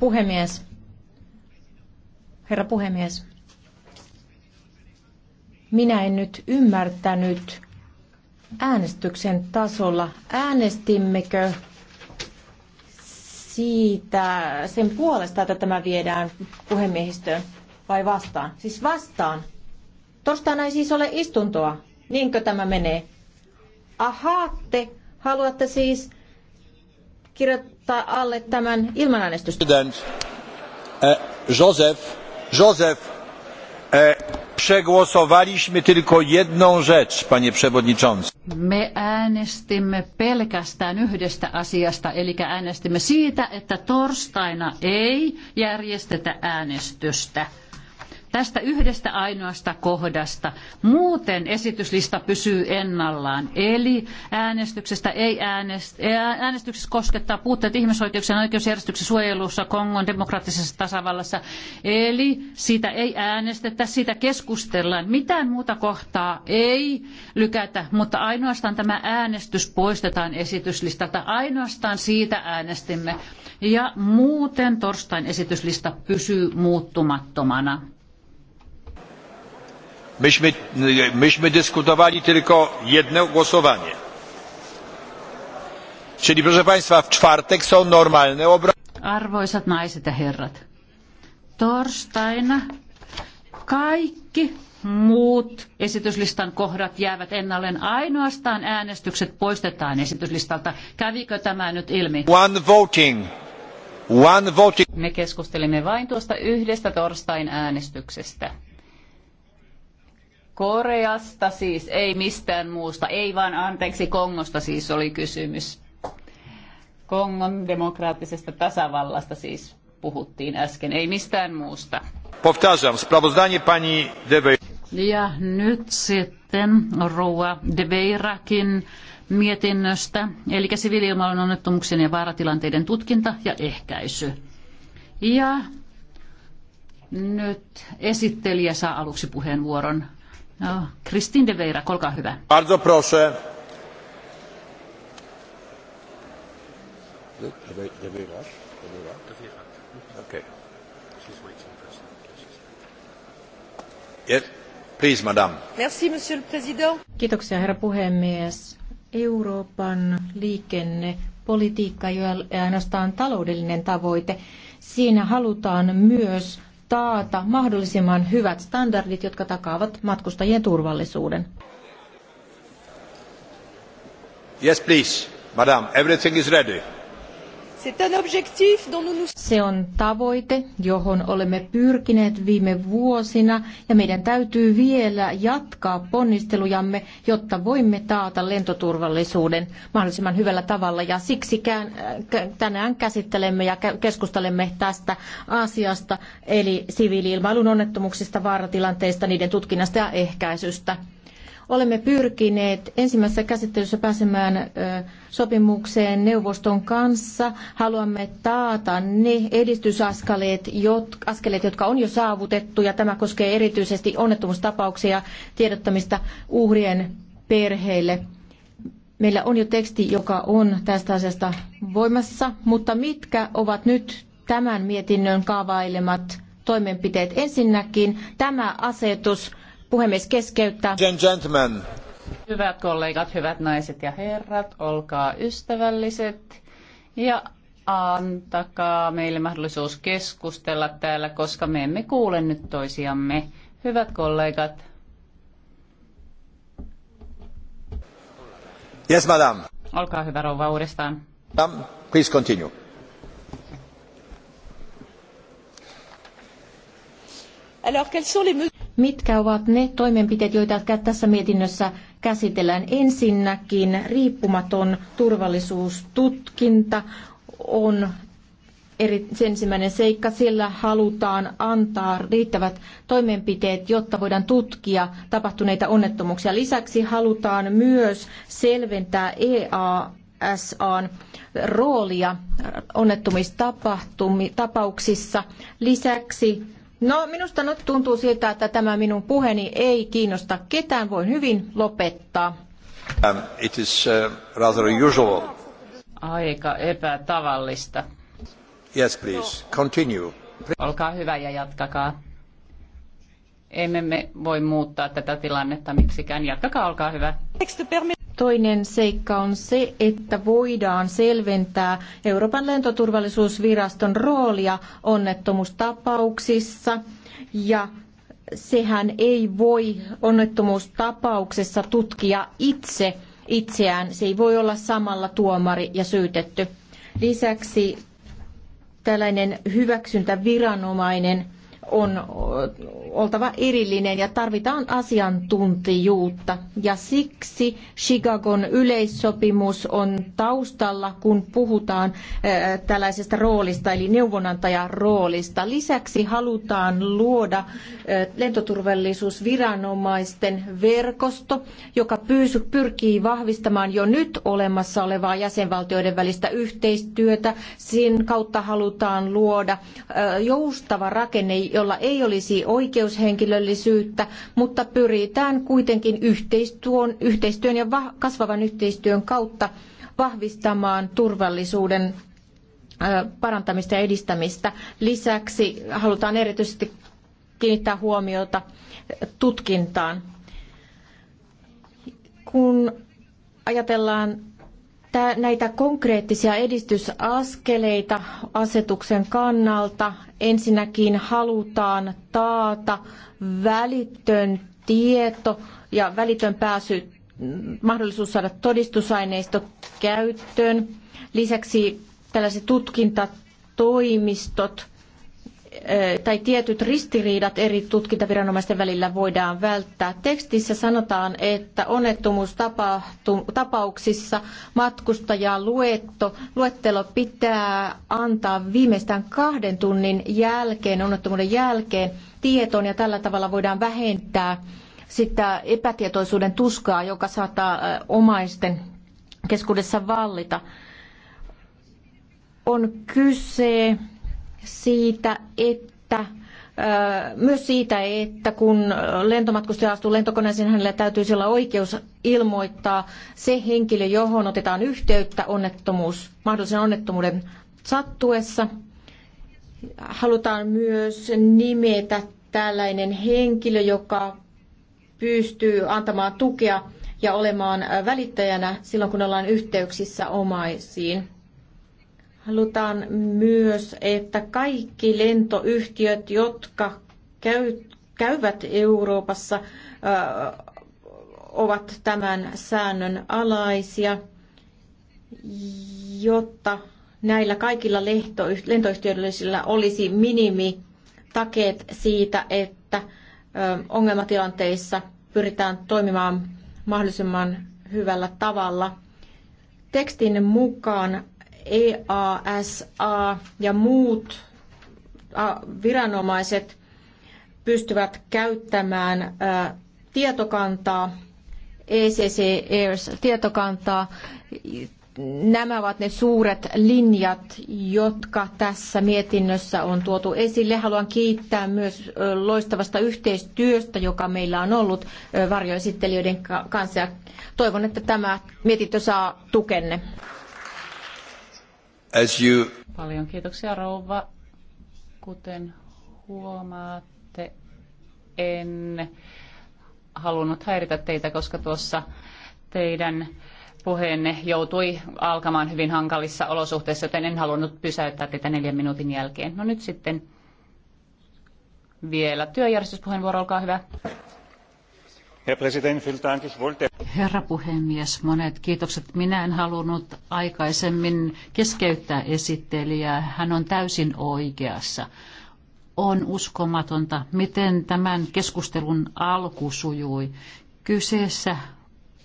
Puhemies. Herra puhemies. Minä en nyt ymmärtänyt äänestyksen tasolla. Äänestimmekö siitä sen puolesta, että tämä viedään puhemiehistöön vai vastaan? Siis vastaan. Torstaina ei siis ole istuntoa. Niinkö tämä menee? Ahaa, te haluatte siis kirjoittaa alle tämän ilman äänestystä. Eh, Joseph, Joseph, eh, przegłosowaliśmy tylko jedną rzecz, panie przewodniczący. Me äänestimme pelkästään yhdestä asiasta, eli äänestimme siitä, että torstaina ei järjestetä äänestystä tästä yhdestä ainoasta kohdasta. Muuten esityslista pysyy ennallaan. Eli äänestyksestä ei äänest, e, äänestyksessä koskettaa puutteet ihmisoikeuksien oikeusjärjestyksen suojelussa Kongon demokraattisessa tasavallassa. Eli siitä ei äänestetä, siitä keskustellaan. Mitään muuta kohtaa ei lykätä, mutta ainoastaan tämä äänestys poistetaan esityslistalta. Ainoastaan siitä äänestimme. Ja muuten torstain esityslista pysyy muuttumattomana. Myśmy, myśmy dyskutowali tylko jedno głosowanie. Czyli proszę Państwa, w czwartek są normalne obrady. Arvoisat naiset ja herrat, torstaina kaikki muut esityslistan kohdat jäävät ennalleen. Ainoastaan äänestykset poistetaan esityslistalta. Kävikö tämä nyt ilmi? One voting. One voting. Me keskustelimme vain tuosta yhdestä torstain äänestyksestä. Koreasta siis, ei mistään muusta, ei vaan anteeksi Kongosta siis oli kysymys. Kongon demokraattisesta tasavallasta siis puhuttiin äsken, ei mistään muusta. Powtarzam, sprawozdanie pani Ja nyt sitten Roa Deveirakin mietinnöstä, eli siviiliilmailun onnettomuuksien ja vaaratilanteiden tutkinta ja ehkäisy. Ja nyt esittelijä saa aluksi puheenvuoron. No, Kristin de Veira, olkaa hyvä. Bardzo proszę. De Veira? Yes. Please, madam. Merci, monsieur le président. Kiitoksia, herra puhemies. Euroopan liikennepolitiikka ei ole ainoastaan taloudellinen tavoite. Siinä halutaan myös taata mahdollisimman hyvät standardit, jotka takaavat matkustajien turvallisuuden. Yes, please. Madam, everything is ready. Se on tavoite, johon olemme pyrkineet viime vuosina ja meidän täytyy vielä jatkaa ponnistelujamme, jotta voimme taata lentoturvallisuuden mahdollisimman hyvällä tavalla. Ja siksi äh, tänään käsittelemme ja keskustelemme tästä asiasta, eli siviiliilmailun onnettomuuksista, vaaratilanteista, niiden tutkinnasta ja ehkäisystä. Olemme pyrkineet ensimmäisessä käsittelyssä pääsemään sopimukseen neuvoston kanssa. Haluamme taata ne edistysaskeleet, jotka, askeleet, jotka on jo saavutettu, ja tämä koskee erityisesti onnettomuustapauksia ja tiedottamista uhrien perheille. Meillä on jo teksti, joka on tästä asiasta voimassa, mutta mitkä ovat nyt tämän mietinnön kaavailemat toimenpiteet? Ensinnäkin tämä asetus Puhemies keskeyttää. Gentlemen. Hyvät kollegat, hyvät naiset ja herrat, olkaa ystävälliset ja antakaa meille mahdollisuus keskustella täällä, koska me emme kuule nyt toisiamme. Hyvät kollegat. Yes, madam. Olkaa hyvä rouva uudestaan. Madam, please continue. Mitkä ovat ne toimenpiteet, joita tässä mietinnössä käsitellään? Ensinnäkin riippumaton turvallisuustutkinta on eri, se ensimmäinen seikka. Sillä halutaan antaa riittävät toimenpiteet, jotta voidaan tutkia tapahtuneita onnettomuuksia. Lisäksi halutaan myös selventää EA SAn roolia tapauksissa. Lisäksi No minusta nyt tuntuu siltä, että tämä minun puheeni ei kiinnosta ketään. Voin hyvin lopettaa. Um, it is uh, rather unusual. Aika epätavallista. Yes, please. Continue. Olkaa hyvä ja jatkakaa. Emme me voi muuttaa tätä tilannetta miksikään. Jatkakaa, olkaa hyvä. Toinen seikka on se, että voidaan selventää Euroopan lentoturvallisuusviraston roolia onnettomuustapauksissa ja sehän ei voi onnettomuustapauksessa tutkia itse itseään. Se ei voi olla samalla tuomari ja syytetty. Lisäksi tällainen hyväksyntäviranomainen on oltava erillinen ja tarvitaan asiantuntijuutta. Ja siksi Chicagon yleissopimus on taustalla, kun puhutaan eh, tällaisesta roolista, eli neuvonantajan roolista. Lisäksi halutaan luoda eh, lentoturvallisuusviranomaisten verkosto, joka pyrkii vahvistamaan jo nyt olemassa olevaa jäsenvaltioiden välistä yhteistyötä. Sen kautta halutaan luoda eh, joustava rakenne, jolla ei olisi oikein oikeushenkilöllisyyttä, mutta pyritään kuitenkin yhteistyön, yhteistyön ja kasvavan yhteistyön kautta vahvistamaan turvallisuuden parantamista ja edistämistä. Lisäksi halutaan erityisesti kiinnittää huomiota tutkintaan. Kun ajatellaan näitä konkreettisia edistysaskeleita asetuksen kannalta. Ensinnäkin halutaan taata välitön tieto ja välitön pääsy, mahdollisuus saada todistusaineisto käyttöön. Lisäksi tällaiset tutkintatoimistot Eh, tai tietyt ristiriidat eri tutkintaviranomaisten välillä voidaan välttää. Tekstissä sanotaan, että onnettomuustapauksissa matkustajaluettelo luettelo pitää antaa viimeistään kahden tunnin jälkeen, onnettomuuden jälkeen tietoon ja tällä tavalla voidaan vähentää sitä epätietoisuuden tuskaa, joka saattaa eh, omaisten keskuudessa vallita. On kyse siitä, että myös siitä, että kun lentomatkustaja astuu lentokoneeseen, hänellä täytyisi olla oikeus ilmoittaa se henkilö, johon otetaan yhteyttä onnettomuus, mahdollisen onnettomuuden sattuessa. Halutaan myös nimetä tällainen henkilö, joka pystyy antamaan tukea ja olemaan välittäjänä silloin, kun ollaan yhteyksissä omaisiin halutaan myös, että kaikki lentoyhtiöt, jotka käyvät Euroopassa, ovat tämän säännön alaisia, jotta näillä kaikilla lentoyhtiöillä olisi minimi takeet siitä, että ongelmatilanteissa pyritään toimimaan mahdollisimman hyvällä tavalla. Tekstin mukaan EASA ja muut viranomaiset pystyvät käyttämään tietokantaa, ECC Airs tietokantaa. Nämä ovat ne suuret linjat, jotka tässä mietinnössä on tuotu esille. Haluan kiittää myös loistavasta yhteistyöstä, joka meillä on ollut varjoesittelijöiden kanssa. Toivon, että tämä mietintö saa tukenne. As you... Paljon kiitoksia rouva. Kuten huomaatte, en halunnut häiritä teitä, koska tuossa teidän puheenne joutui alkamaan hyvin hankalissa olosuhteissa, joten en halunnut pysäyttää teitä neljän minuutin jälkeen. No nyt sitten vielä työjärjestyspuheenvuoro, olkaa hyvä. Herra puhemies, monet kiitokset. Minä en halunnut aikaisemmin keskeyttää esittelijää. Hän on täysin oikeassa. On uskomatonta, miten tämän keskustelun alku sujui. Kyseessä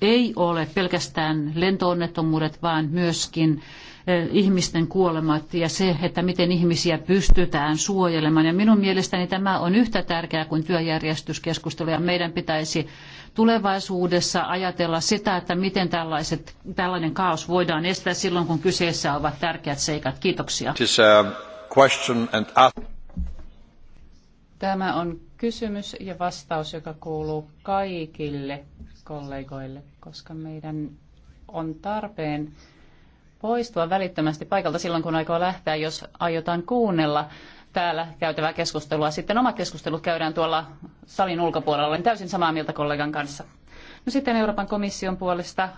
ei ole pelkästään lentoonnettomuudet, vaan myöskin eh, ihmisten kuolemat ja se, että miten ihmisiä pystytään suojelemaan. Ja minun mielestäni tämä on yhtä tärkeää kuin työjärjestyskeskustelu ja meidän pitäisi tulevaisuudessa ajatella sitä, että miten tällaiset, tällainen kaos voidaan estää silloin, kun kyseessä ovat tärkeät seikat. Kiitoksia. Tämä on kysymys ja vastaus, joka kuuluu kaikille kollegoille, koska meidän on tarpeen poistua välittömästi paikalta silloin, kun aikoo lähteä, jos aiotaan kuunnella täällä käytävää keskustelua. Sitten omat keskustelut käydään tuolla salin ulkopuolella. Olen täysin samaa mieltä kollegan kanssa. No sitten Euroopan komission puolesta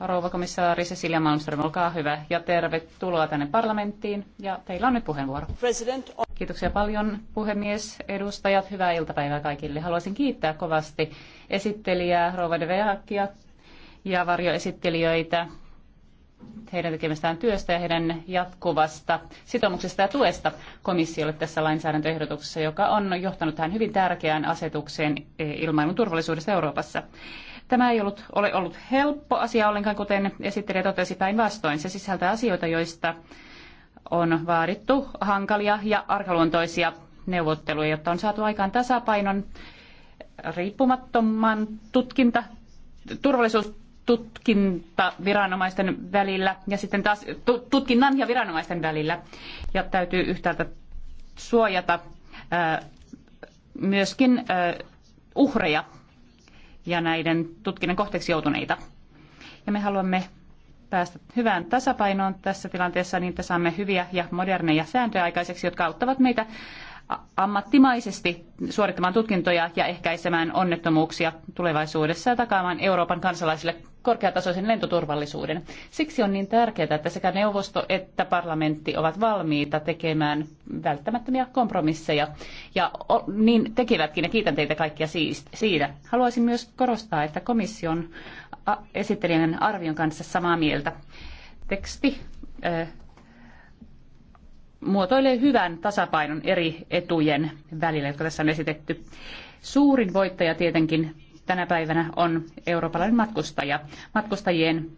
rouva komissaari Cecilia Malmström, olkaa hyvä ja tervetuloa tänne parlamenttiin ja teillä on nyt puheenvuoro. President... Kiitoksia paljon puhemies, edustajat, hyvää iltapäivää kaikille. Haluaisin kiittää kovasti esittelijää rouva de Vehakia ja varjoesittelijöitä heidän tekemästään työstä ja heidän jatkuvasta sitoumuksesta ja tuesta komissiolle tässä lainsäädäntöehdotuksessa, joka on johtanut tähän hyvin tärkeään asetukseen eh, ilmailun turvallisuudesta Euroopassa. Tämä ei ollut, ole ollut helppo asia ollenkaan, kuten esittelijä totesi päinvastoin. Se sisältää asioita, joista on vaadittu hankalia ja arkaluontoisia neuvotteluja, jotta on saatu aikaan tasapainon riippumattoman tutkinta, tutkinta viranomaisten välillä ja sitten taas tutkinnan ja viranomaisten välillä. Ja täytyy yhtäältä suojata ää, myöskin ää, uhreja ja näiden tutkinnan kohteeksi joutuneita. Ja me haluamme päästä hyvään tasapainoon tässä tilanteessa niin, että saamme hyviä ja moderneja sääntöjä aikaiseksi, jotka auttavat meitä ammattimaisesti suorittamaan tutkintoja ja ehkäisemään onnettomuuksia tulevaisuudessa ja takaamaan Euroopan kansalaisille korkeatasoisen lentoturvallisuuden. Siksi on niin tärkeää, että sekä neuvosto että parlamentti ovat valmiita tekemään välttämättömiä kompromisseja. Ja niin tekivätkin, ja kiitän teitä kaikkia siitä. Haluaisin myös korostaa, että komission esittelijän arvion kanssa samaa mieltä. Teksti muotoilee hyvän tasapainon eri etujen välillä, jotka tässä on esitetty. Suurin voittaja tietenkin tänä päivänä on eurooppalainen matkustaja. Matkustajien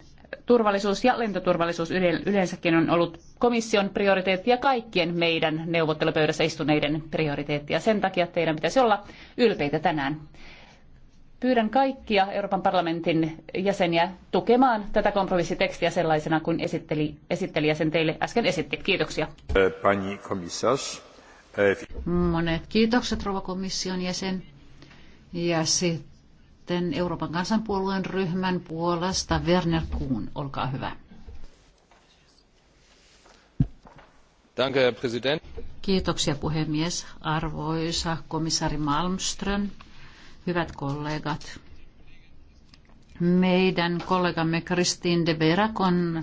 turvallisuus ja lentoturvallisuus yleensäkin on ollut komission prioriteetti ja kaikkien meidän neuvottelupöydässä istuneiden prioriteetti. Ja sen takia teidän pitäisi olla ylpeitä tänään. Pyydän kaikkia Euroopan parlamentin jäseniä tukemaan tätä kompromissitekstiä sellaisena kuin esitteli, esittelijä sen teille äsken esitti. Kiitoksia. Eh, pani eh, Monet kiitokset, rouva komission jäsen. Ja sitten Euroopan kansanpuolueen ryhmän puolesta Werner Kuhn, olkaa hyvä. Danke, Kiitoksia puhemies. Arvoisa komissaari Malmström, Hyvät kollegat, meidän kollegamme Kristin de Verac on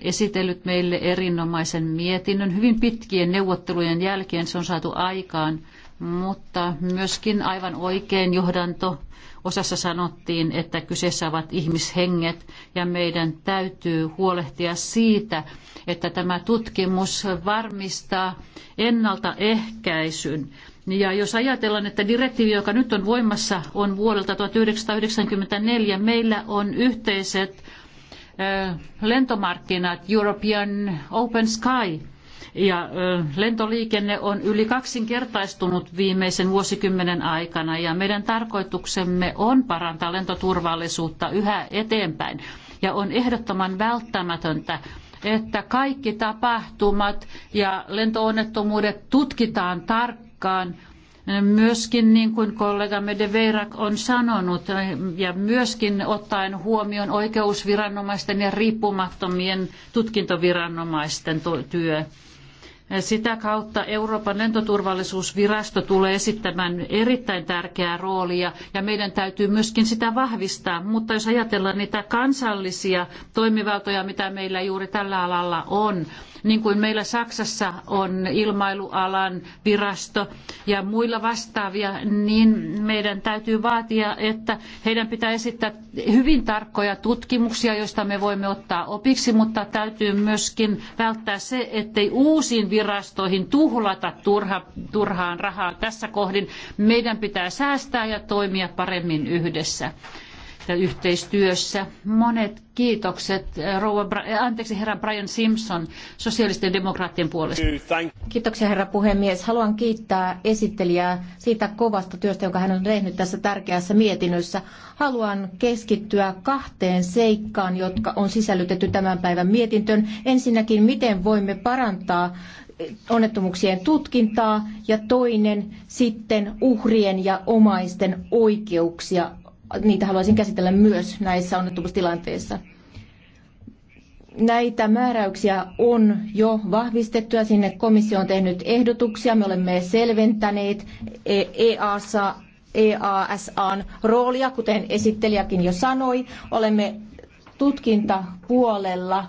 esitellyt meille erinomaisen mietinnön. Hyvin pitkien neuvottelujen jälkeen se on saatu aikaan, mutta myöskin aivan oikein johdanto osassa sanottiin, että kyseessä ovat ihmishenget ja meidän täytyy huolehtia siitä, että tämä tutkimus varmistaa ennaltaehkäisyn ja jos ajatellaan, että direktiivi, joka nyt on voimassa, on vuodelta 1994, meillä on yhteiset lentomarkkinat, European Open Sky, ja lentoliikenne on yli kaksinkertaistunut viimeisen vuosikymmenen aikana ja meidän tarkoituksemme on parantaa lentoturvallisuutta yhä eteenpäin. Ja on ehdottoman välttämätöntä, että kaikki tapahtumat ja lentoonnettomuudet tutkitaan tarkkaan aikaan. Myöskin niin kuin kollegamme De Veirak on sanonut, ja myöskin ottaen huomioon oikeusviranomaisten ja riippumattomien tutkintoviranomaisten työ. Sitä kautta Euroopan lentoturvallisuusvirasto tulee esittämään erittäin tärkeää roolia ja meidän täytyy myöskin sitä vahvistaa. Mutta jos ajatellaan niitä kansallisia toimivaltoja, mitä meillä juuri tällä alalla on, niin kuin meillä Saksassa on ilmailualan virasto ja muilla vastaavia, niin meidän täytyy vaatia, että heidän pitää esittää hyvin tarkkoja tutkimuksia, joista me voimme ottaa opiksi, mutta täytyy myöskin välttää se, ettei uusiin virastoihin virastoihin tuhlata turha, turhaan rahaa tässä kohdin. Meidän pitää säästää ja toimia paremmin yhdessä yhteistyössä. Monet kiitokset rouva, eh, anteeksi, herra Brian Simpson sosiaalisten demokraattien puolesta. Kiitoksia herra puhemies. Haluan kiittää esittelijää siitä kovasta työstä, jonka hän on tehnyt tässä tärkeässä mietinnössä. Haluan keskittyä kahteen seikkaan, jotka on sisällytetty tämän päivän mietintöön. Ensinnäkin, miten voimme parantaa eh, onnettomuuksien tutkintaa ja toinen sitten uhrien ja omaisten oikeuksia niitä haluaisin käsitellä myös näissä onnettomuustilanteissa. Näitä määräyksiä on jo vahvistettu ja sinne komissio on tehnyt ehdotuksia. Me olemme selventäneet EASA, e EASAn roolia, kuten esittelijäkin jo sanoi. Olemme tutkintapuolella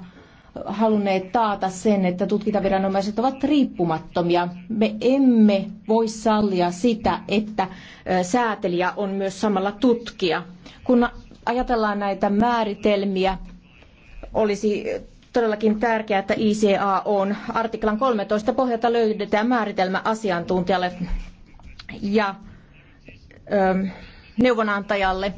halunneet taata sen, että tutkintaviranomaiset ovat riippumattomia. Me emme voi sallia sitä, että säätelijä on myös samalla tutkija. Kun ajatellaan näitä määritelmiä, olisi todellakin tärkeää, että ICA on artiklan 13 pohjalta löydetään määritelmä asiantuntijalle ja ö, neuvonantajalle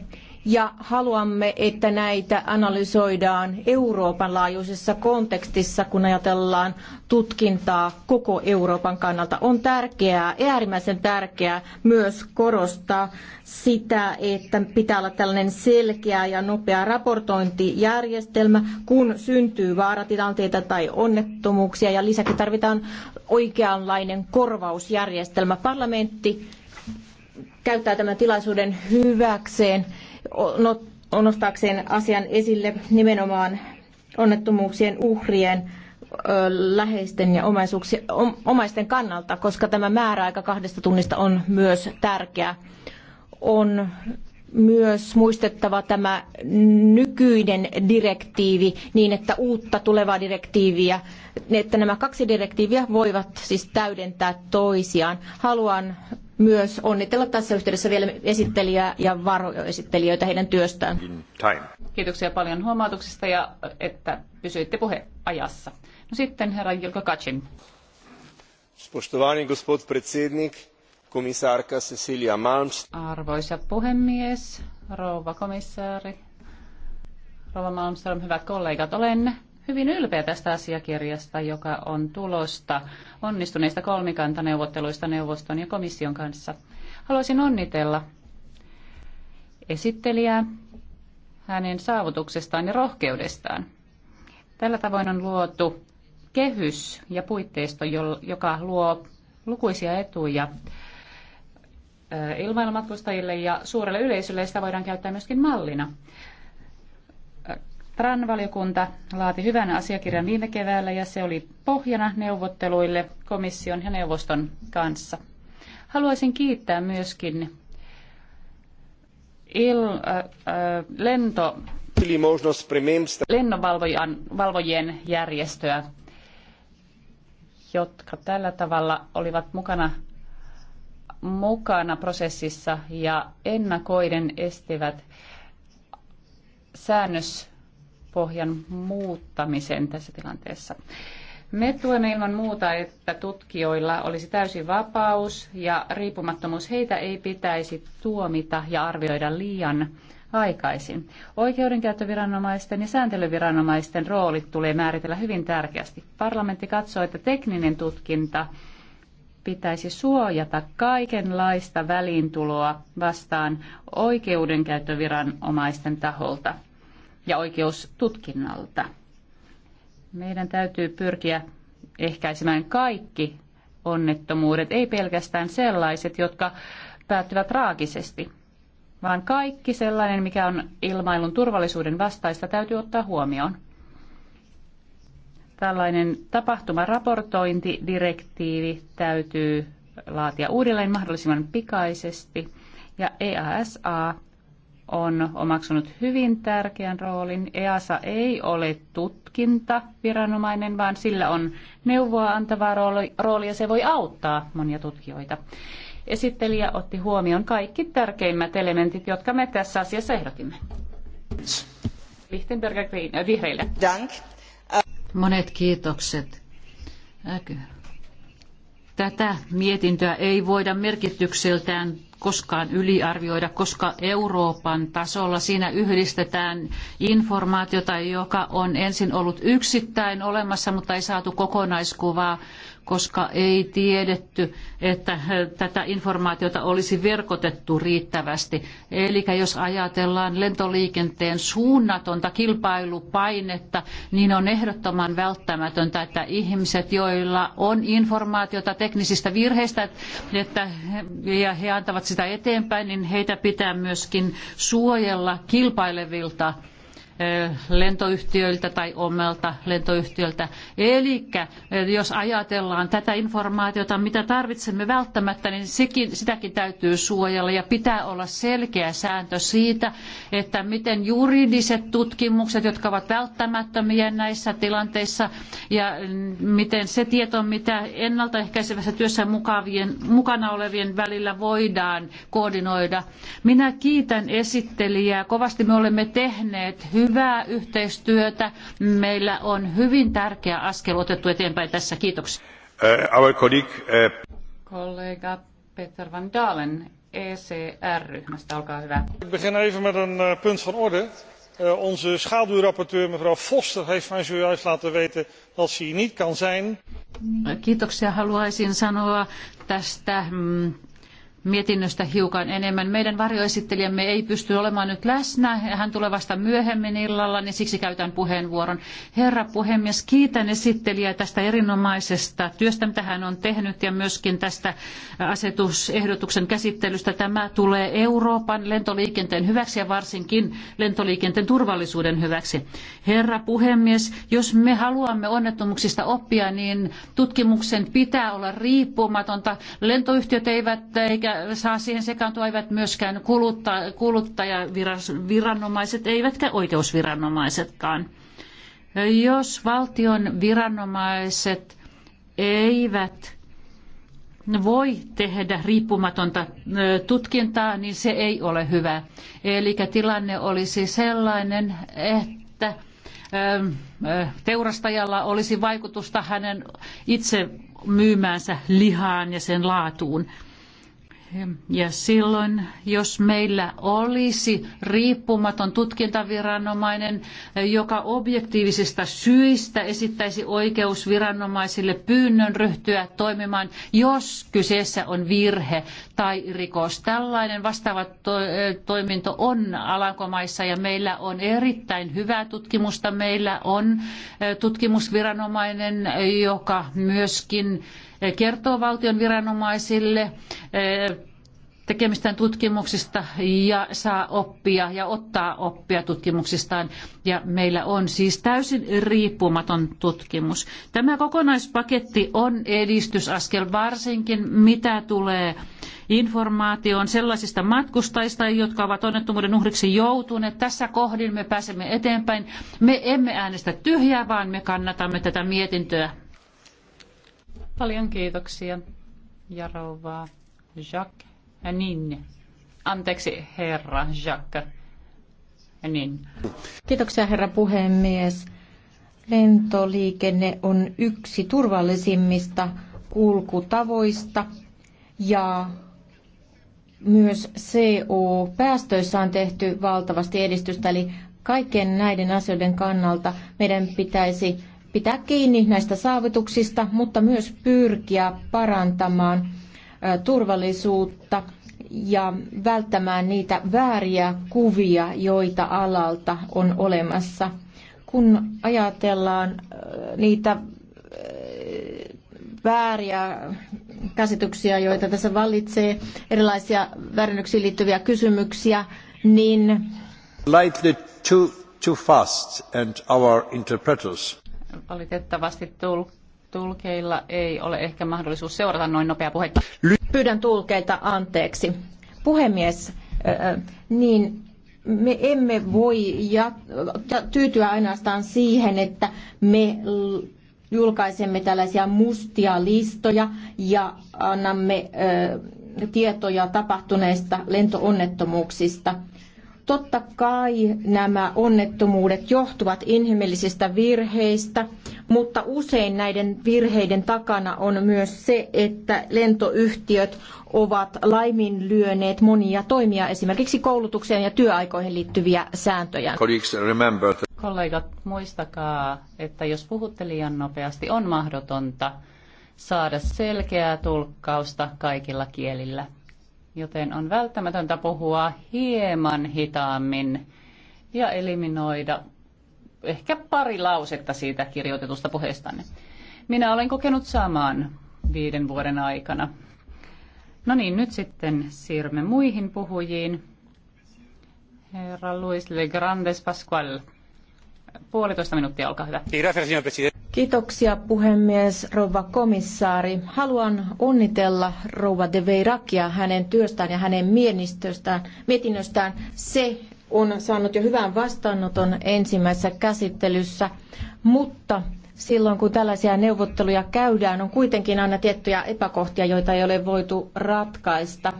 ja haluamme, että näitä analysoidaan Euroopan laajuisessa kontekstissa, kun ajatellaan tutkintaa koko Euroopan kannalta. On tärkeää, äärimmäisen tärkeää myös korostaa sitä, että pitää olla tällainen selkeä ja nopea raportointijärjestelmä, kun syntyy vaaratilanteita tai onnettomuuksia ja lisäksi tarvitaan oikeanlainen korvausjärjestelmä. Parlamentti käyttää tämän tilaisuuden hyväkseen nostaakseen asian esille nimenomaan onnettomuuksien uhrien läheisten ja omaisten kannalta, koska tämä määräaika kahdesta tunnista on myös tärkeä. On myös muistettava tämä nykyinen direktiivi niin, että uutta tulevaa direktiiviä, että nämä kaksi direktiiviä voivat siis täydentää toisiaan. Haluan myös onnitella tässä yhteydessä vielä esittelijää ja varjoesittelijöitä heidän työstään. Kiitoksia paljon huomautuksista ja että pysyitte puheajassa. No sitten herra Jilko Kacin. Spoštovani gospod predsednik, komisarka Cecilia Malmström. Arvoisa puhemies, rouva komissaari, rouva Malmström, hyvät kollegat, olen hyvin ylpeä tästä asiakirjasta, joka on tulosta onnistuneista kolmikantaneuvotteluista neuvoston ja komission kanssa. Haluaisin onnitella esittelijää hänen saavutuksestaan ja rohkeudestaan. Tällä tavoin on luotu kehys ja puitteisto, joka luo lukuisia etuja ilmailumatkustajille ja suurelle yleisölle, ja sitä voidaan käyttää myöskin mallina. TRAN-valiokunta laati hyvän asiakirjan viime keväällä ja se oli pohjana neuvotteluille komission ja neuvoston kanssa. Haluaisin kiittää myöskin il, äh, äh, lento, lennonvalvojien järjestöä, jotka tällä tavalla olivat mukana, mukana prosessissa ja ennakoiden estivät säännös pohjan muuttamisen tässä tilanteessa. Me tuemme ilman muuta, että tutkijoilla olisi täysin vapaus ja riippumattomuus. Heitä ei pitäisi tuomita ja arvioida liian aikaisin. Oikeudenkäyttöviranomaisten ja sääntelyviranomaisten roolit tulee määritellä hyvin tärkeästi. Parlamentti katsoo, että tekninen tutkinta pitäisi suojata kaikenlaista väliintuloa vastaan oikeudenkäyttöviranomaisten taholta ja oikeus tutkinnalta. Meidän täytyy pyrkiä ehkäisemään kaikki onnettomuudet, ei pelkästään sellaiset, jotka päättyvät raagisesti, vaan kaikki sellainen, mikä on ilmailun turvallisuuden vastaista, täytyy ottaa huomioon. Tällainen tapahtumaraportointidirektiivi täytyy laatia uudelleen mahdollisimman pikaisesti, ja EASA on omaksunut hyvin tärkeän roolin. EASA ei ole tutkintaviranomainen, vaan sillä on neuvoa antava rooli, rooli ja se voi auttaa monia tutkijoita. Esittelijä otti huomioon kaikki tärkeimmät elementit, jotka me tässä asiassa ehdotimme. Lichtenberger Green, äh, vihreille. Dank. Monet kiitokset. Äh, Tätä mietintöä ei voida merkitykseltään koskaan yliarvioida, koska Euroopan tasolla siinä yhdistetään informaatiota, joka on ensin ollut yksittäin olemassa, mutta ei saatu kokonaiskuvaa koska ei tiedetty, että tätä informaatiota olisi verkotettu riittävästi. Eli jos ajatellaan lentoliikenteen suunnatonta kilpailupainetta, niin on ehdottoman välttämätöntä, että ihmiset, joilla on informaatiota teknisistä virheistä että, ja he antavat sitä eteenpäin, niin heitä pitää myöskin suojella kilpailevilta lentoyhtiöiltä tai omelta lentoyhtiöltä. Eli jos ajatellaan tätä informaatiota, mitä tarvitsemme välttämättä, niin sekin, sitäkin täytyy suojella ja pitää olla selkeä sääntö siitä, että miten juridiset tutkimukset, jotka ovat välttämättömiä näissä tilanteissa ja mm, miten se tieto, mitä ennaltaehkäisevässä työssä mukavien, mukana olevien välillä voidaan koordinoida. Minä kiitän esittelijää. Kovasti me olemme tehneet hyvää hyvää yhteistyötä. Meillä on hyvin tärkeä askel otettu eteenpäin tässä. Kiitoksia. Eh, eh, Kollega Peter van Dalen ECR-ryhmästä, olkaa hyvä. Ik begin even met een eh, punt van orde. Onze schaduwrapporteur mevrouw Foster heeft mij zojuist laten weten dat ze hier niet kan zijn. Kiitoksia haluaisin sanoa tästä mm, mietinnöstä hiukan enemmän. Meidän varjoesittelijämme ei pysty olemaan nyt läsnä. Hän tulee vasta myöhemmin illalla, niin siksi käytän puheenvuoron. Herra puhemies, kiitän esittelijää tästä erinomaisesta työstä, mitä hän on tehnyt ja myöskin tästä asetusehdotuksen käsittelystä. Tämä tulee Euroopan lentoliikenteen hyväksi ja varsinkin lentoliikenteen turvallisuuden hyväksi. Herra puhemies, jos me haluamme onnettomuuksista oppia, niin tutkimuksen pitää olla riippumatonta. Lentoyhtiöt eivät eikä saa siihen sekaantua, eivät myöskään kuluttajaviranomaiset, eivätkä oikeusviranomaisetkaan. Jos valtion viranomaiset eivät voi tehdä riippumatonta tutkintaa, niin se ei ole hyvä. Eli tilanne olisi sellainen, että teurastajalla olisi vaikutusta hänen itse myymäänsä lihaan ja sen laatuun. Ja silloin, jos meillä olisi riippumaton tutkintaviranomainen, eh, joka objektiivisista syistä esittäisi oikeusviranomaisille pyynnön ryhtyä toimimaan, jos kyseessä on virhe tai rikos. Tällainen vastaava eh, toiminto on Alankomaissa ja meillä on erittäin hyvää tutkimusta. Meillä on eh, tutkimusviranomainen, joka myöskin kertoo valtion viranomaisille eh, tekemistään tutkimuksista ja saa oppia ja ottaa oppia tutkimuksistaan. Ja meillä on siis täysin riippumaton tutkimus. Tämä kokonaispaketti on edistysaskel varsinkin mitä tulee informaatioon sellaisista matkustajista, jotka ovat onnettomuuden uhriksi joutuneet. Tässä kohdin me pääsemme eteenpäin. Me emme äänestä tyhjää, vaan me kannatamme tätä mietintöä. Paljon kiitoksia, Jarova, Jacques, ja Ninne. Anteeksi, herra Jacques. Ja Ninne. Kiitoksia, herra puhemies. Lentoliikenne on yksi turvallisimmista kulkutavoista ja myös CO-päästöissä on tehty valtavasti edistystä, eli kaikkien näiden asioiden kannalta meidän pitäisi pitää kiinni näistä saavutuksista, mutta myös pyrkiä parantamaan turvallisuutta ja välttämään niitä vääriä kuvia, joita alalta on olemassa. Kun ajatellaan niitä vääriä käsityksiä, joita tässä vallitsee, erilaisia väärännyksiin liittyviä kysymyksiä, niin... Lightly too, too fast and our interpreters Valitettavasti tul- tulkeilla ei ole ehkä mahdollisuus seurata noin nopea puhetta. Pyydän tulkeita anteeksi. Puhemies, niin me emme voi tyytyä ainoastaan siihen, että me julkaisemme tällaisia mustia listoja ja annamme tietoja tapahtuneista lentoonnettomuuksista. Totta kai nämä onnettomuudet johtuvat inhimillisistä virheistä, mutta usein näiden virheiden takana on myös se, että lentoyhtiöt ovat laiminlyöneet monia toimia, esimerkiksi koulutukseen ja työaikoihin liittyviä sääntöjä. Kollegat, muistakaa, että jos puhutte liian nopeasti, on mahdotonta saada selkeää tulkkausta kaikilla kielillä joten on välttämätöntä puhua hieman hitaammin ja eliminoida ehkä pari lausetta siitä kirjoitetusta puheestanne. Minä olen kokenut samaan viiden vuoden aikana. No niin, nyt sitten siirrymme muihin puhujiin. Herra Luis Le Grandes Pascual, puolitoista minuuttia, olkaa hyvä. Kiitoksia puhemies, rouva komissaari. Haluan onnitella rouva de Veirakia hänen työstään ja hänen mietinnöstään. Se on saanut jo hyvän vastaanoton ensimmäisessä käsittelyssä, mutta silloin kun tällaisia neuvotteluja käydään, on kuitenkin aina tiettyjä epäkohtia, joita ei ole voitu ratkaista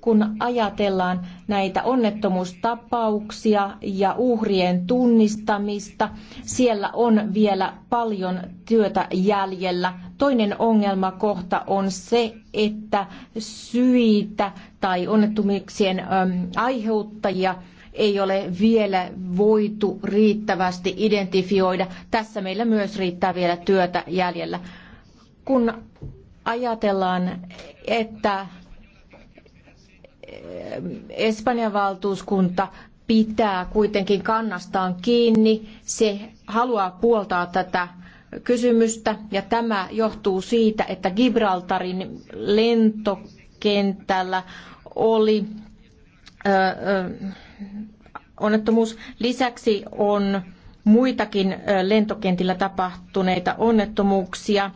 kun ajatellaan näitä onnettomuustapauksia ja uhrien tunnistamista. Siellä on vielä paljon työtä jäljellä. Toinen ongelmakohta on se, että syitä tai onnettomuuksien aiheuttajia ei ole vielä voitu riittävästi identifioida. Tässä meillä myös riittää vielä työtä jäljellä. Kun ajatellaan, että Espanjan valtuuskunta pitää kuitenkin kannastaan kiinni. Se haluaa puoltaa tätä kysymystä ja tämä johtuu siitä, että Gibraltarin lentokentällä oli onnettomuus. Lisäksi on muitakin lentokentillä tapahtuneita onnettomuuksia.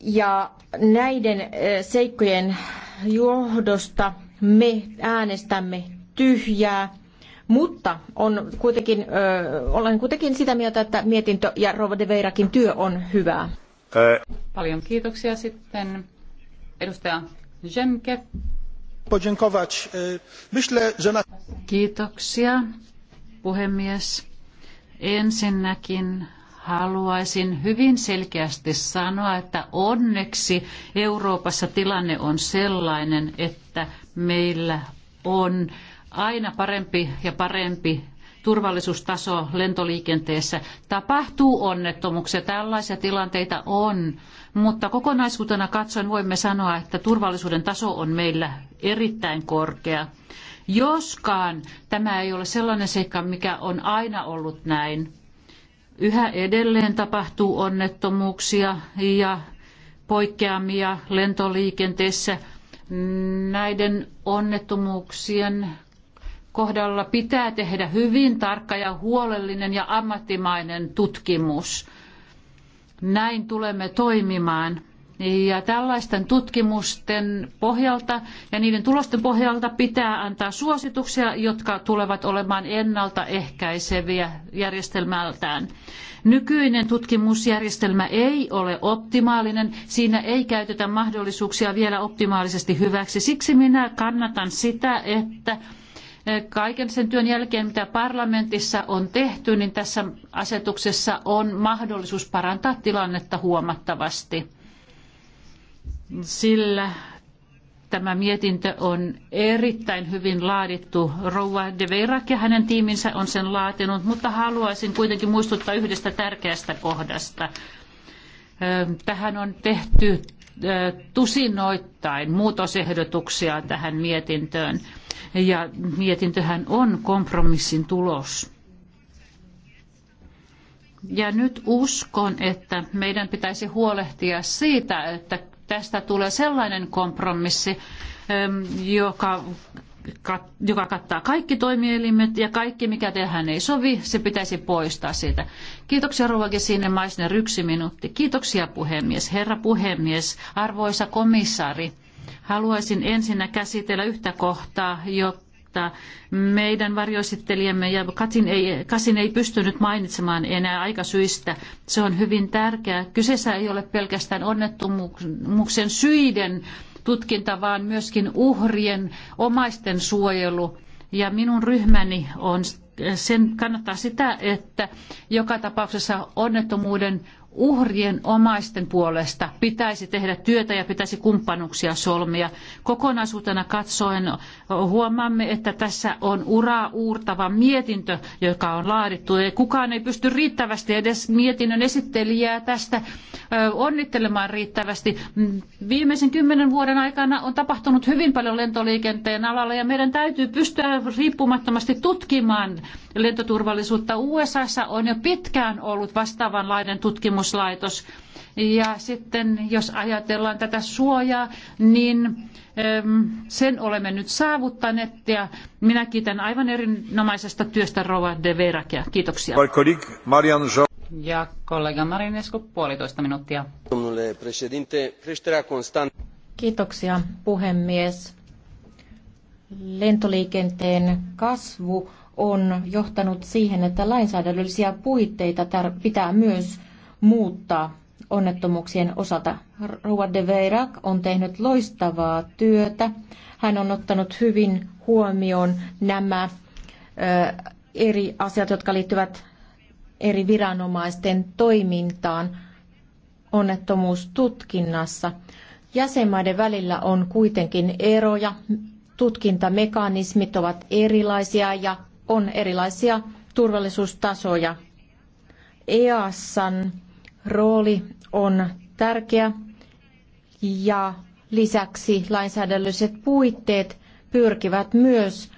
Ja näiden seikkojen johdosta me äänestämme tyhjää, mutta on kuitenkin, ö, olen kuitenkin sitä mieltä, että mietintö ja Rova de Veirakin työ on hyvää. Ää. Paljon kiitoksia sitten edustaja Jemke. Podziękować. Myślę, że na... Kiitoksia, puhemies. Ensinnäkin haluaisin hyvin selkeästi sanoa, että onneksi Euroopassa tilanne on sellainen, että meillä on aina parempi ja parempi turvallisuustaso lentoliikenteessä. Tapahtuu onnettomuuksia, tällaisia tilanteita on, mutta kokonaisuutena katsoen voimme sanoa, että turvallisuuden taso on meillä erittäin korkea. Joskaan tämä ei ole sellainen seikka, mikä on aina ollut näin Yhä edelleen tapahtuu onnettomuuksia ja poikkeamia lentoliikenteessä. Näiden onnettomuuksien kohdalla pitää tehdä hyvin tarkka ja huolellinen ja ammattimainen tutkimus. Näin tulemme toimimaan. Ja tällaisten tutkimusten pohjalta ja niiden tulosten pohjalta pitää antaa suosituksia, jotka tulevat olemaan ennaltaehkäiseviä järjestelmältään. Nykyinen tutkimusjärjestelmä ei ole optimaalinen, siinä ei käytetä mahdollisuuksia vielä optimaalisesti hyväksi. Siksi minä kannatan sitä, että kaiken sen työn jälkeen, mitä parlamentissa on tehty, niin tässä asetuksessa on mahdollisuus parantaa tilannetta huomattavasti sillä tämä mietintö on erittäin hyvin laadittu. Rouva de Veirak ja hänen tiiminsä on sen laatinut, mutta haluaisin kuitenkin muistuttaa yhdestä tärkeästä kohdasta. Tähän on tehty tusinoittain muutosehdotuksia tähän mietintöön. Ja mietintöhän on kompromissin tulos. Ja nyt uskon, että meidän pitäisi huolehtia siitä, että tästä tulee sellainen kompromissi, ähm, joka joka kattaa kaikki toimielimet ja kaikki, mikä tähän ei sovi, se pitäisi poistaa siitä. Kiitoksia Rouva Gesine Maisner, yksi minuutti. Kiitoksia puhemies, herra puhemies, arvoisa komissaari. Haluaisin ensinnä käsitellä yhtä kohtaa, jota mutta meidän varjoesittelijämme ja Katin ei, Kasin ei pystynyt mainitsemaan enää aikasyistä. Se on hyvin tärkeää. Kyseessä ei ole pelkästään onnettomuuksen syiden tutkinta, vaan myöskin uhrien omaisten suojelu. Ja minun ryhmäni on sen kannattaa sitä, että joka tapauksessa onnettomuuden uhrien omaisten puolesta pitäisi tehdä työtä ja pitäisi kumppanuksia solmia. Kokonaisuutena katsoen huomaamme, että tässä on uraa uurtava mietintö, joka on laadittu. Ja kukaan ei pysty riittävästi edes mietinnön esittelijää tästä onnittelemaan riittävästi. Viimeisen kymmenen vuoden aikana on tapahtunut hyvin paljon lentoliikenteen alalla ja meidän täytyy pystyä riippumattomasti tutkimaan lentoturvallisuutta. USAssa on jo pitkään ollut vastaavanlainen tutkimus tutkimuslaitos. Ja sitten jos ajatellaan tätä suojaa, niin ähm, sen olemme nyt saavuttaneet ja minä kiitän aivan erinomaisesta työstä Rova de Verakea. Kiitoksia. Ja kollega Marinescu, puolitoista minuuttia. Kiitoksia puhemies. Lentoliikenteen kasvu on johtanut siihen, että lainsäädännöllisiä puitteita pitää myös muuttaa onnettomuuksien osalta. Rua de Veirac on tehnyt loistavaa työtä. Hän on ottanut hyvin huomioon nämä eri asiat, jotka liittyvät eri viranomaisten toimintaan onnettomuustutkinnassa. Jäsenmaiden välillä on kuitenkin eroja. Tutkintamekanismit ovat erilaisia ja on erilaisia turvallisuustasoja. EASan rooli on tärkeä ja lisäksi lainsäädännölliset puitteet pyrkivät myös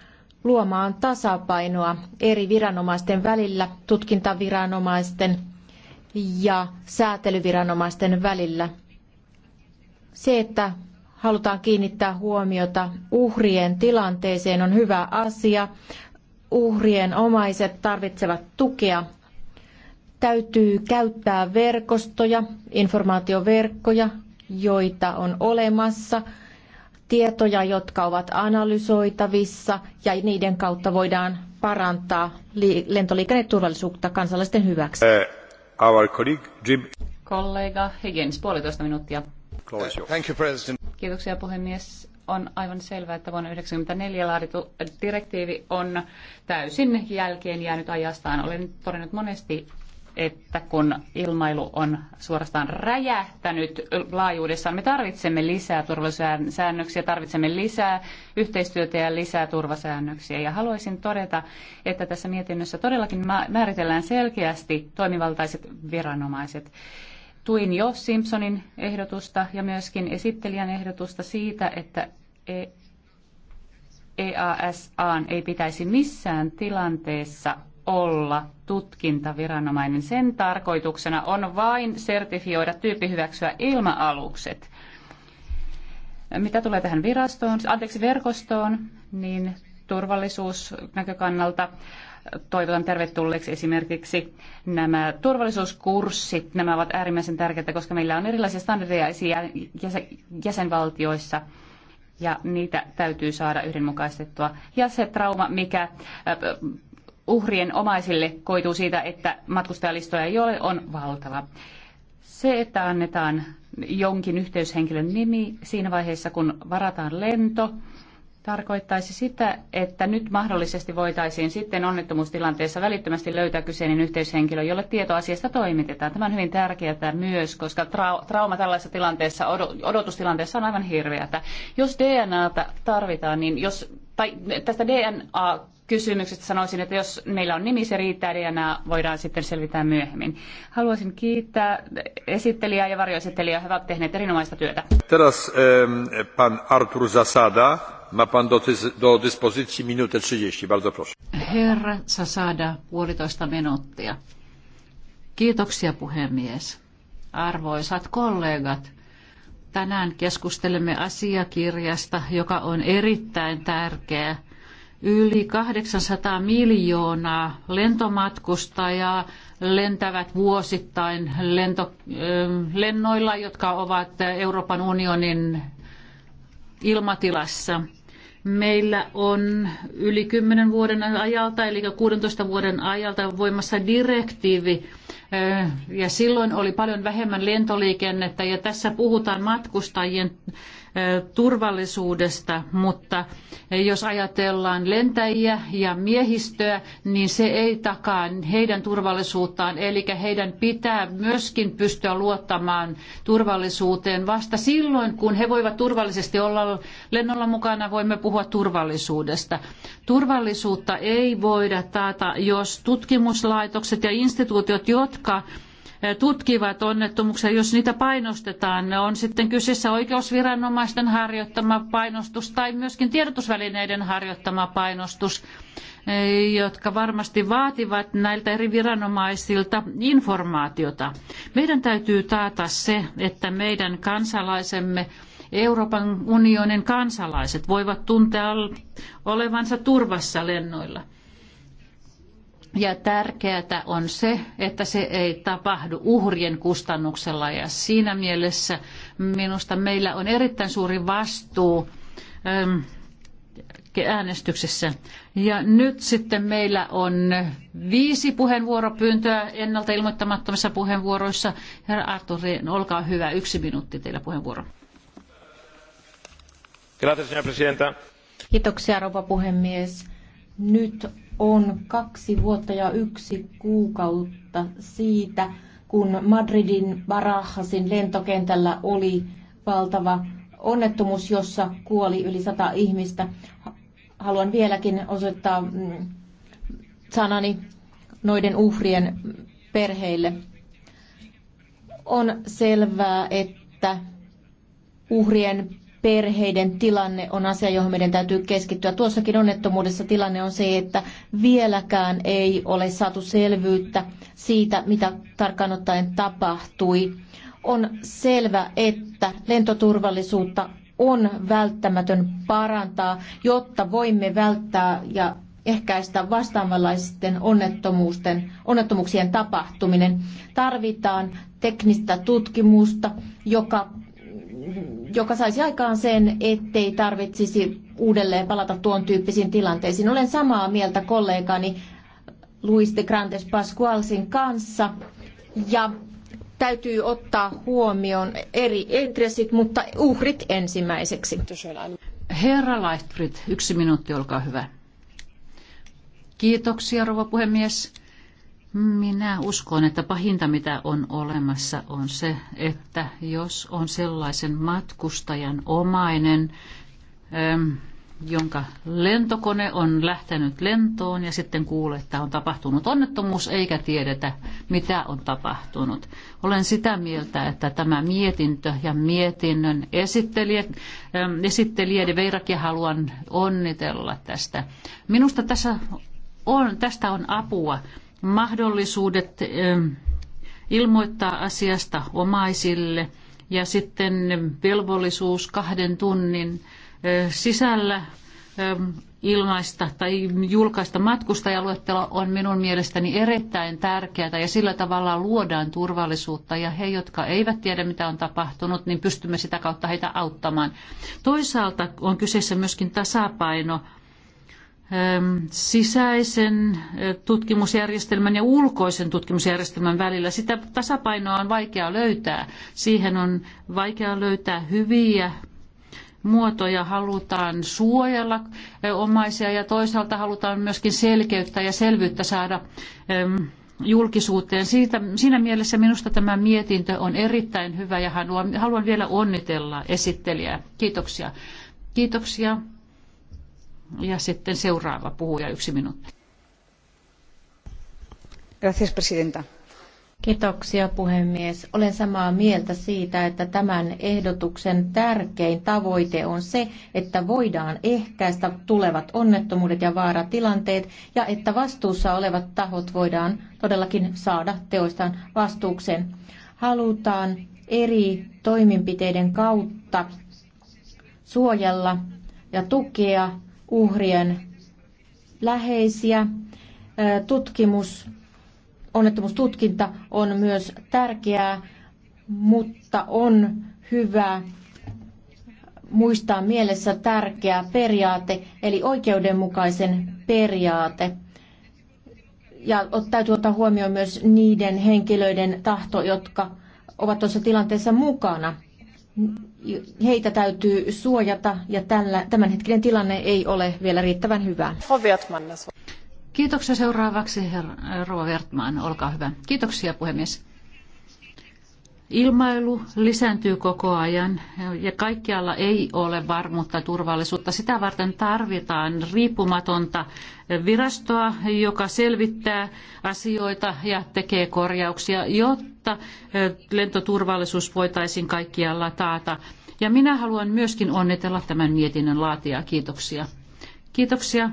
luomaan tasapainoa eri viranomaisten välillä, tutkintaviranomaisten ja säätelyviranomaisten välillä. Se, että halutaan kiinnittää huomiota uhrien tilanteeseen on hyvä asia. Uhrien omaiset tarvitsevat tukea Täytyy käyttää verkostoja, informaatioverkkoja, joita on olemassa, tietoja, jotka ovat analysoitavissa ja niiden kautta voidaan parantaa lentoliikenneturvallisuutta kansalaisten hyväksi. Uh, our colleague Jim. Kollega Higgins, puolitoista minuuttia. Thank you, President. Kiitoksia puhemies. On aivan selvää, että vuonna 1994 laadittu direktiivi on täysin jälkeen jäänyt ajastaan. Olen todennut monesti että kun ilmailu on suorastaan räjähtänyt laajuudessaan, me tarvitsemme lisää turvasäännöksiä, tarvitsemme lisää yhteistyötä ja lisää turvasäännöksiä. Ja haluaisin todeta, että tässä mietinnössä todellakin määritellään selkeästi toimivaltaiset viranomaiset tuin jo Simpsonin ehdotusta ja myöskin esittelijän ehdotusta siitä, että EASA e ei pitäisi missään tilanteessa olla tutkintaviranomainen. Sen tarkoituksena on vain sertifioida tyyppihyväksyä ilma-alukset. Mitä tulee tähän virastoon, anteeksi verkostoon, niin turvallisuusnäkökannalta toivotan tervetulleeksi esimerkiksi nämä turvallisuuskurssit. Nämä ovat äärimmäisen tärkeitä, koska meillä on erilaisia standardeja jäsenvaltioissa ja niitä täytyy saada yhdenmukaistettua. Ja se trauma, mikä äh, uhrien omaisille koituu siitä, että matkustajalistoja ei ole, on valtava. Se, että annetaan jonkin yhteyshenkilön nimi siinä vaiheessa, kun varataan lento, tarkoittaisi sitä, että nyt mahdollisesti voitaisiin sitten onnettomuustilanteessa välittömästi löytää kyseinen yhteyshenkilö, jolle tieto asiasta toimitetaan. Tämä on hyvin tärkeää myös, koska trau- trauma tällaisessa tilanteessa, odotustilanteessa on aivan hirveätä. Jos DNAta tarvitaan, niin jos, tai tästä DNA kysymykset sanoisin, että jos meillä on nimi, se riittää, ja niin nämä voidaan sitten selvittää myöhemmin. Haluaisin kiittää esittelijää ja varjoesittelijää. He ovat tehneet erinomaista työtä. Teraz pan Artur Zasada. Ma pan do, do dispozycji minutę 30. Bardzo proszę. Herra Zasada, puolitoista minuuttia. Kiitoksia puhemies. Arvoisat kollegat, tänään keskustelemme asiakirjasta, joka on erittäin tärkeä – Yli 800 miljoonaa lentomatkustajaa lentävät vuosittain lento, lennoilla, jotka ovat Euroopan unionin ilmatilassa. Meillä on yli kymmenen vuoden ajalta, eli 16 vuoden ajalta voimassa direktiivi, ja silloin oli paljon vähemmän lentoliikennettä, ja tässä puhutaan matkustajien turvallisuudesta, mutta jos ajatellaan lentäjiä ja miehistöä, niin se ei takaa heidän turvallisuuttaan, eli heidän pitää myöskin pystyä luottamaan turvallisuuteen vasta silloin, kun he voivat turvallisesti olla lennolla mukana, voimme puhua turvallisuudesta. Turvallisuutta ei voida taata, jos tutkimuslaitokset ja instituutiot, jotka tutkivat onnettomuuksia, jos niitä painostetaan. Ne on sitten kyseessä oikeusviranomaisten harjoittama painostus tai myöskin tiedotusvälineiden harjoittama painostus, jotka varmasti vaativat näiltä eri viranomaisilta informaatiota. Meidän täytyy taata se, että meidän kansalaisemme Euroopan unionin kansalaiset voivat tuntea olevansa turvassa lennoilla. Ja tärkeää on se, että se ei tapahdu uhrien kustannuksella ja siinä mielessä minusta meillä on erittäin suuri vastuu ähm, äänestyksessä. Ja nyt sitten meillä on viisi puheenvuoropyyntöä ennalta ilmoittamattomissa puheenvuoroissa. Herra Artur, olkaa hyvä, yksi minuutti teillä puheenvuoro. Kiitoksia, rouva puhemies. Nyt on kaksi vuotta ja yksi kuukautta siitä, kun Madridin Barajasin lentokentällä oli valtava onnettomuus, jossa kuoli yli sata ihmistä. Haluan vieläkin osoittaa mm, sanani noiden uhrien perheille. On selvää, että uhrien perheiden tilanne on asia, johon meidän täytyy keskittyä. Tuossakin onnettomuudessa tilanne on se, että vieläkään ei ole saatu selvyyttä siitä, mitä tarkkaan ottaen tapahtui. On selvä, että lentoturvallisuutta on välttämätön parantaa, jotta voimme välttää ja ehkäistä vastaavanlaisten onnettomuusten, onnettomuuksien tapahtuminen. Tarvitaan teknistä tutkimusta, joka joka saisi aikaan sen, ettei tarvitsisi uudelleen palata tuon tyyppisiin tilanteisiin. Olen samaa mieltä kollegani Luis de Grandes Pascualsin kanssa ja täytyy ottaa huomioon eri intressit, mutta uhrit ensimmäiseksi. Herra Leichtfried, yksi minuutti, olkaa hyvä. Kiitoksia, rouva puhemies. Minä uskon, että pahinta mitä on olemassa on se, että jos on sellaisen matkustajan omainen, ähm, jonka lentokone on lähtenyt lentoon ja sitten kuulee, että on tapahtunut onnettomuus eikä tiedetä, mitä on tapahtunut. Olen sitä mieltä, että tämä mietintö ja mietinnön esittelijä, ähm, esittelijä Veirakia haluan onnitella tästä. Minusta tässä on, tästä on apua mahdollisuudet ähm, ilmoittaa asiasta omaisille ja sitten velvollisuus kahden tunnin äh, sisällä ähm, ilmaista tai julkaista matkustajaluettelo on minun mielestäni erittäin tärkeää ja sillä tavalla luodaan turvallisuutta ja he, jotka eivät tiedä mitä on tapahtunut, niin pystymme sitä kautta heitä auttamaan. Toisaalta on kyseessä myöskin tasapaino Ähm, sisäisen äh, tutkimusjärjestelmän ja ulkoisen tutkimusjärjestelmän välillä. Sitä tasapainoa on vaikea löytää. Siihen on vaikea löytää hyviä muotoja. Halutaan suojella äh, omaisia ja toisaalta halutaan myöskin selkeyttä ja selvyyttä saada ähm, julkisuuteen. Siitä, siinä mielessä minusta tämä mietintö on erittäin hyvä ja haluan, haluan vielä onnitella esittelijää. Kiitoksia. Kiitoksia. Ja sitten seuraava puhuja yksi minuutti. Gracias, presidenta. Kiitoksia puhemies. Olen samaa mieltä siitä, että tämän ehdotuksen tärkein tavoite on se, että voidaan ehkäistä tulevat onnettomuudet ja vaaratilanteet ja että vastuussa olevat tahot voidaan todellakin saada teoistaan vastuukseen. Halutaan eri toimenpiteiden kautta suojella ja tukea uhrien läheisiä. Tutkimus, onnettomuustutkinta on myös tärkeää, mutta on hyvä muistaa mielessä tärkeä periaate, eli oikeudenmukaisen periaate. Ja täytyy ottaa huomioon myös niiden henkilöiden tahto, jotka ovat tuossa tilanteessa mukana heitä täytyy suojata ja tällä, tämänhetkinen tilanne ei ole vielä riittävän hyvä. Kiitoksia seuraavaksi, herra Vertman, olkaa hyvä. Kiitoksia puhemies. Ilmailu lisääntyy koko ajan ja kaikkialla ei ole varmuutta turvallisuutta. Sitä varten tarvitaan riippumatonta virastoa, joka selvittää asioita ja tekee korjauksia, jotta lentoturvallisuus voitaisiin kaikkialla taata. Ja minä haluan myöskin onnitella tämän mietinnön laatijaa. Kiitoksia. Kiitoksia.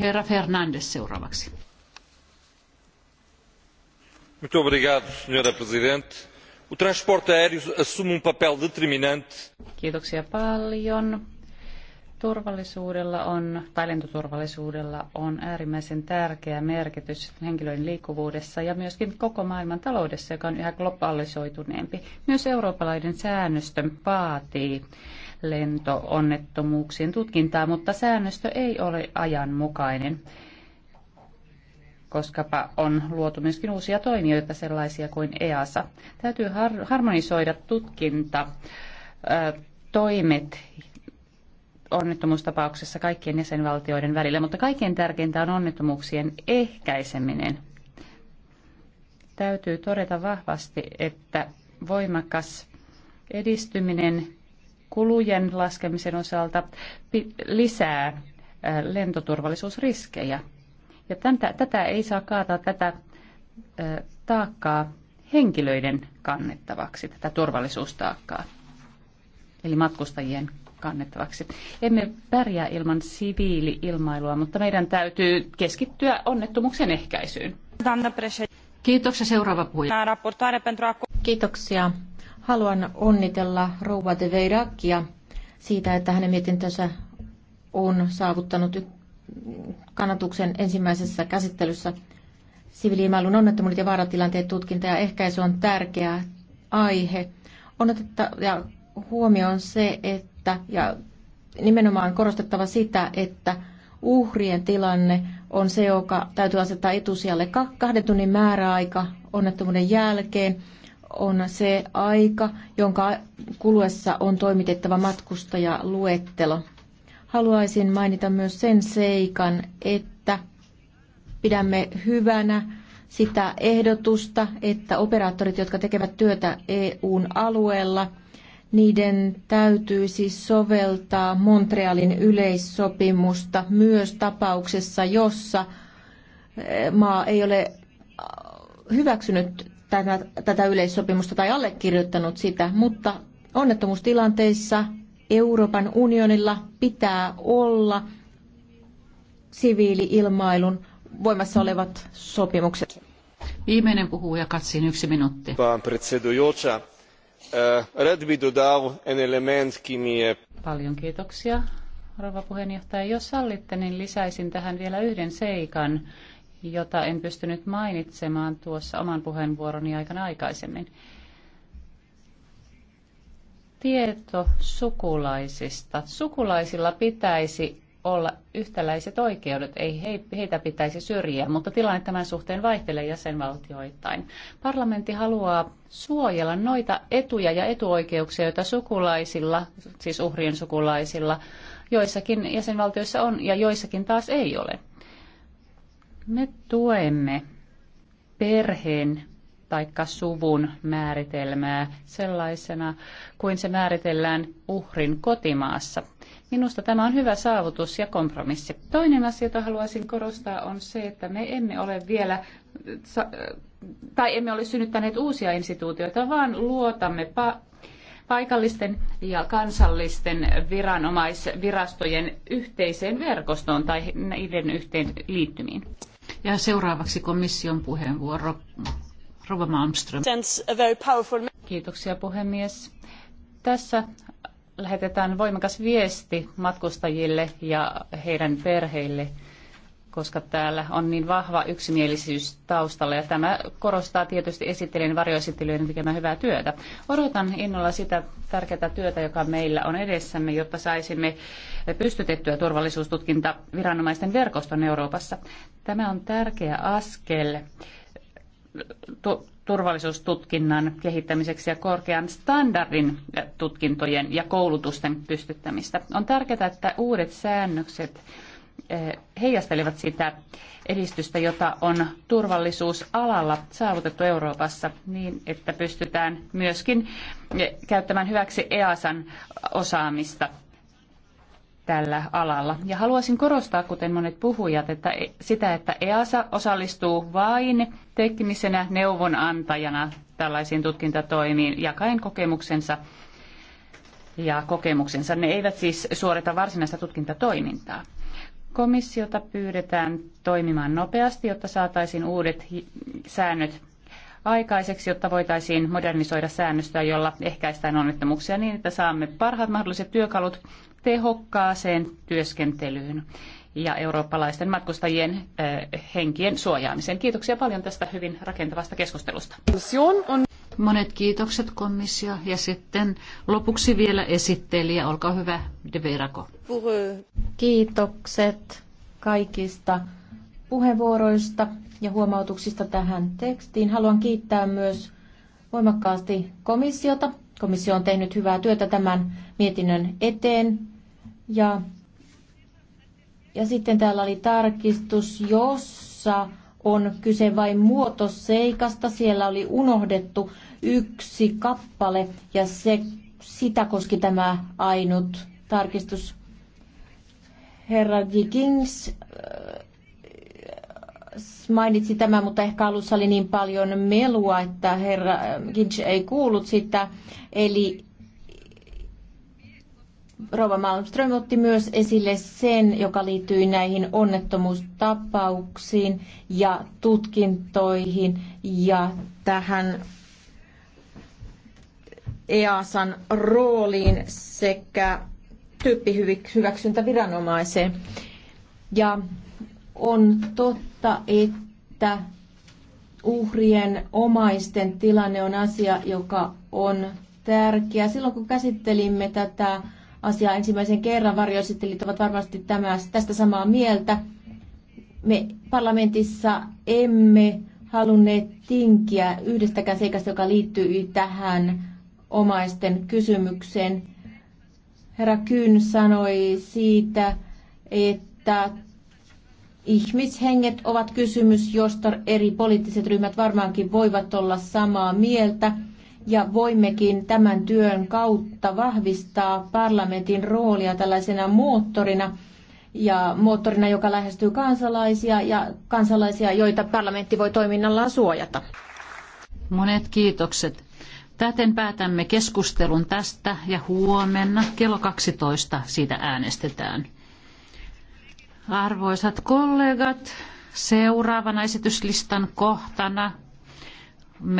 Herra Fernandes seuraavaksi. Muito obrigado, senhora Presidente O transporte aéreo assume um papel determinante. Kiitoksia paljon. Turvallisuudella on, tai lentoturvallisuudella on äärimmäisen tärkeä merkitys henkilöiden liikkuvuudessa ja myöskin koko maailman taloudessa, joka on yhä globalisoituneempi. Myös eurooppalainen säännöstö vaatii lento-onnettomuuksien tutkintaa, mutta säännöstö ei ole ajanmukainen koskapa on luotu myöskin uusia toimijoita, sellaisia kuin EASA. Täytyy har- harmonisoida tutkinta, toimet onnettomuustapauksessa kaikkien jäsenvaltioiden välillä, mutta kaikkein tärkeintä on onnettomuuksien ehkäiseminen. Täytyy todeta vahvasti, että voimakas edistyminen kulujen laskemisen osalta lisää lentoturvallisuusriskejä. Ja tätä, tätä ei saa kaataa tätä ö, taakkaa henkilöiden kannettavaksi, tätä turvallisuustaakkaa, eli matkustajien kannettavaksi. Emme pärjää ilman siviili-ilmailua, mutta meidän täytyy keskittyä onnettomuuksien ehkäisyyn. Kiitoksia seuraava puhuja. Kiitoksia. Haluan onnitella Rouva de Veirakia siitä, että hänen mietintönsä on saavuttanut kannatuksen ensimmäisessä käsittelyssä. Siviiliimailun onnettomuudet ja vaaratilanteet tutkinta ja ehkäisy on tärkeä aihe. On otettava ja huomioon se, että ja nimenomaan korostettava sitä, että uhrien tilanne on se, joka täytyy asettaa etusijalle. Kahden tunnin määräaika onnettomuuden jälkeen on se aika, jonka kuluessa on toimitettava matkustajaluettelo. luettelo. Haluaisin mainita myös sen seikan, että pidämme hyvänä sitä ehdotusta, että operaattorit, jotka tekevät työtä EUn alueella, niiden täytyisi soveltaa Montrealin yleissopimusta myös tapauksessa, jossa eh, maa ei ole eh, hyväksynyt tätä, tätä yleissopimusta tai allekirjoittanut sitä, mutta onnettomuustilanteissa Euroopan unionilla pitää olla siviiliilmailun voimassa olevat sopimukset. Viimeinen puhuja katsiin yksi minuutti. Eh, Paljon kiitoksia, rouva puheenjohtaja. Jos sallitte, niin lisäisin tähän vielä yhden seikan, jota en pystynyt mainitsemaan tuossa oman puheenvuoroni aikana aikaisemmin tieto sukulaisista. Sukulaisilla pitäisi olla yhtäläiset oikeudet, ei heitä pitäisi syrjiä, mutta tilanne tämän suhteen vaihtelee jäsenvaltioittain. Parlamentti haluaa suojella noita etuja ja etuoikeuksia, joita sukulaisilla, siis uhrien sukulaisilla, joissakin jäsenvaltioissa on ja joissakin taas ei ole. Me tuemme perheen tai suvun määritelmää sellaisena kuin se määritellään uhrin kotimaassa. Minusta tämä on hyvä saavutus ja kompromissi. Toinen asia, jota haluaisin korostaa, on se, että me emme ole vielä tai emme ole synnyttäneet uusia instituutioita, vaan luotamme pa- paikallisten ja kansallisten viranomaisvirastojen yhteiseen verkostoon tai niiden yhteen liittymiin. Ja seuraavaksi komission puheenvuoro Rova Malmström. Kiitoksia puhemies. Tässä lähetetään voimakas viesti matkustajille ja heidän perheille, koska täällä on niin vahva yksimielisyys taustalla ja tämä korostaa tietysti esittelijän varjoesittelijöiden tekemää hyvää työtä. Odotan innolla sitä tärkeää työtä, joka meillä on edessämme, jotta saisimme pystytettyä turvallisuustutkinta viranomaisten verkoston Euroopassa. Tämä on tärkeä askel turvallisuustutkinnan kehittämiseksi ja korkean standardin eh, tutkintojen ja koulutusten pystyttämistä. On tärkeää, että uudet säännökset eh, heijastelevat sitä edistystä, jota on turvallisuusalalla saavutettu Euroopassa niin, että pystytään myöskin eh, käyttämään hyväksi EASan osaamista tällä alalla. Ja haluaisin korostaa, kuten monet puhujat, että e- sitä, että EASA osallistuu vain teknisenä neuvonantajana tällaisiin tutkintatoimiin, jakaen kokemuksensa ja kokemuksensa. Ne eivät siis suorita varsinaista tutkintatoimintaa. Komissiota pyydetään toimimaan nopeasti, jotta saataisiin uudet säännöt aikaiseksi, jotta voitaisiin modernisoida säännöstöä, jolla ehkäistään onnettomuuksia niin, että saamme parhaat mahdolliset työkalut tehokkaaseen työskentelyyn ja eurooppalaisten matkustajien henkien suojaamiseen. Kiitoksia paljon tästä hyvin rakentavasta keskustelusta. Monet kiitokset komissio ja sitten lopuksi vielä esittelijä, olkaa hyvä, De Verako. Kiitokset kaikista puheenvuoroista ja huomautuksista tähän tekstiin. Haluan kiittää myös voimakkaasti komissiota. Komissio on tehnyt hyvää työtä tämän mietinnön eteen ja, ja sitten täällä oli tarkistus, jossa on kyse vain muotoseikasta. Siellä oli unohdettu yksi kappale ja se, sitä koski tämä ainut tarkistus. Herra Dickings äh, mainitsi tämän, mutta ehkä alussa oli niin paljon melua, että herra äh, Ginch ei kuullut sitä. Eli Rova Malmström otti myös esille sen, joka liittyy näihin onnettomuustapauksiin ja tutkintoihin ja tähän EASan rooliin sekä tyyppihyväksyntäviranomaiseen. Ja on totta, että uhrien omaisten tilanne on asia, joka on tärkeä. Silloin kun käsittelimme tätä asiaa ensimmäisen kerran. Varjoesittelijät ovat varmasti tämä, tästä samaa mieltä. Me parlamentissa emme halunneet tinkiä yhdestäkään seikasta, joka liittyy tähän omaisten kysymykseen. Herra Kyn sanoi siitä, että ihmishenget ovat kysymys, josta eri poliittiset ryhmät varmaankin voivat olla samaa mieltä – ja voimmekin tämän työn kautta vahvistaa parlamentin roolia tällaisena moottorina ja moottorina, joka lähestyy kansalaisia ja kansalaisia, joita parlamentti voi toiminnallaan suojata. Monet kiitokset. Täten päätämme keskustelun tästä ja huomenna kello 12 siitä äänestetään. Arvoisat kollegat, seuraavana esityslistan kohtana